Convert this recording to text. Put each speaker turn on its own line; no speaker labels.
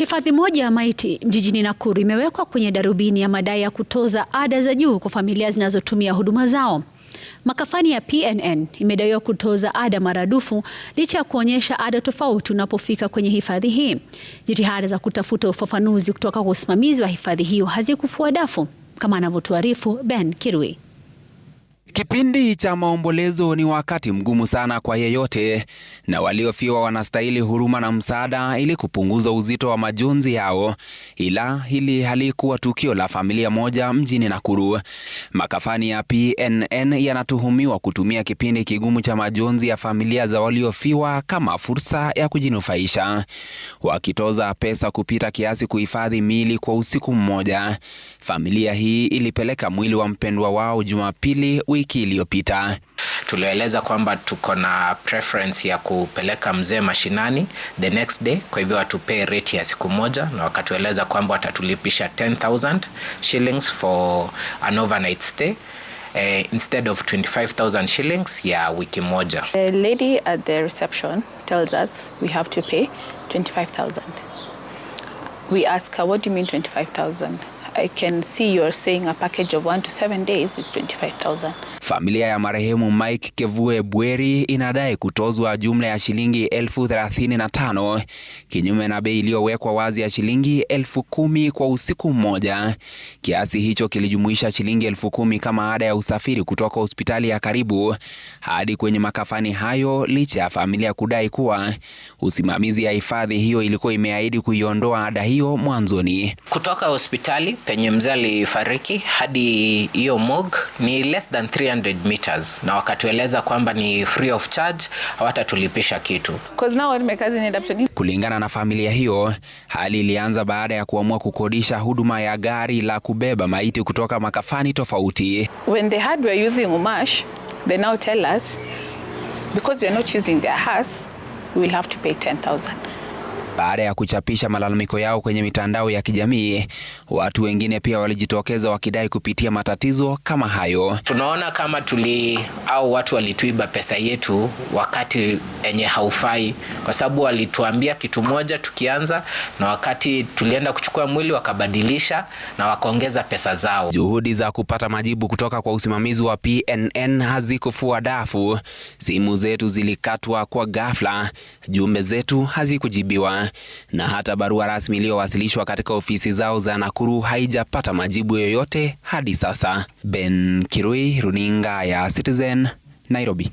Hifadhi moja ya maiti jijini Nakuru imewekwa kwenye darubini ya madai ya kutoza ada za juu kwa familia zinazotumia huduma zao. Makafani ya PNN imedaiwa kutoza ada maradufu licha ya kuonyesha ada tofauti unapofika kwenye hifadhi hii. Jitihada za kutafuta ufafanuzi kutoka kwa usimamizi wa hifadhi hiyo hazikufua dafu, kama anavyotuarifu Ben Kirui.
Kipindi cha maombolezo ni wakati mgumu sana kwa yeyote, na waliofiwa wanastahili huruma na msaada ili kupunguza uzito wa majonzi yao. Ila hili halikuwa tukio la familia moja mjini Nakuru. Makafani ya PNN yanatuhumiwa kutumia kipindi kigumu cha majonzi ya familia za waliofiwa kama fursa ya kujinufaisha, wakitoza pesa kupita kiasi kuhifadhi miili kwa usiku mmoja. Familia hii ilipeleka mwili wa mpendwa wao Jumapili wiki iliyopita.
Tulieleza kwamba tuko na preference ya kupeleka mzee mashinani the next day, kwa hivyo watupee rate ya siku moja, na wakatueleza kwamba watatulipisha 10000 shillings for an overnight stay Uh, instead of 25,000 shillings ya wiki moja.
The lady at the reception tells us we have to pay 25,000. We ask her, what do you mean 25,000? I can see you are saying a package of 1 to 7 days is 25,000.
Familia ya marehemu Mike Kevue Bweri inadai kutozwa jumla ya shilingi elfu thelathini na tano kinyume na bei iliyowekwa wazi ya shilingi elfu kumi kwa usiku mmoja. Kiasi hicho kilijumuisha shilingi elfu kumi kama ada ya usafiri kutoka hospitali ya karibu hadi kwenye makafani hayo, licha ya familia kudai kuwa usimamizi ya hifadhi hiyo ilikuwa imeahidi kuiondoa ada hiyo mwanzoni.
Kutoka hospitali penye mzee alifariki hadi hiyo mog ni less than 300 meters, na wakatueleza kwamba ni free of charge, hawatatulipisha kitu.
Kulingana na familia hiyo, hali ilianza baada ya kuamua kukodisha huduma ya gari la kubeba maiti kutoka makafani tofauti.
When they had were using Umash, they now tell us because we are not using their house, we will have to pay 10,000.
Baada ya kuchapisha malalamiko yao kwenye mitandao ya kijamii, watu wengine pia walijitokeza wakidai kupitia matatizo kama hayo.
Tunaona kama tuli au watu walituiba pesa yetu wakati enye haufai, kwa sababu walituambia kitu moja tukianza, na wakati tulienda kuchukua mwili wakabadilisha na wakaongeza pesa zao.
Juhudi za kupata majibu kutoka kwa usimamizi wa PNN hazikufua dafu. Simu zetu zilikatwa kwa ghafla, jumbe zetu hazikujibiwa, na hata barua rasmi iliyowasilishwa katika ofisi zao za Nakuru haijapata majibu yoyote hadi sasa. Ben Kirui, runinga ya Citizen Nairobi.